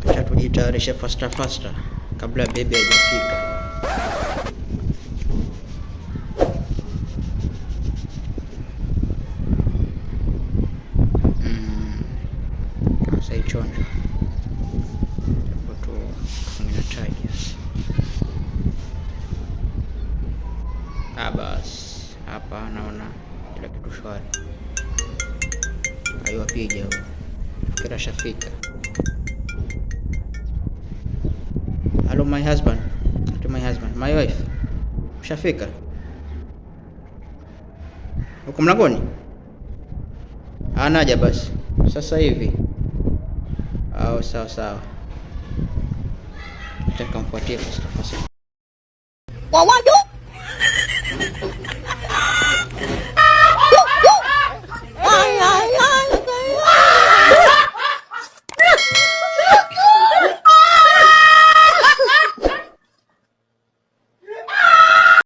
Kisha tujitayarishe fasta fasta kabla bebi hajafika. Hmm. Saichonjo tu ah, basi hapa naona kila kitu shwari. Aiwapija huyo, shafika. Hello my husband. To my husband. My wife. Ushafika? Uko mlangoni? Anaja basi sasa hivi. Au sawa sawa. Nitamfuatia kwa sasa. Wawadu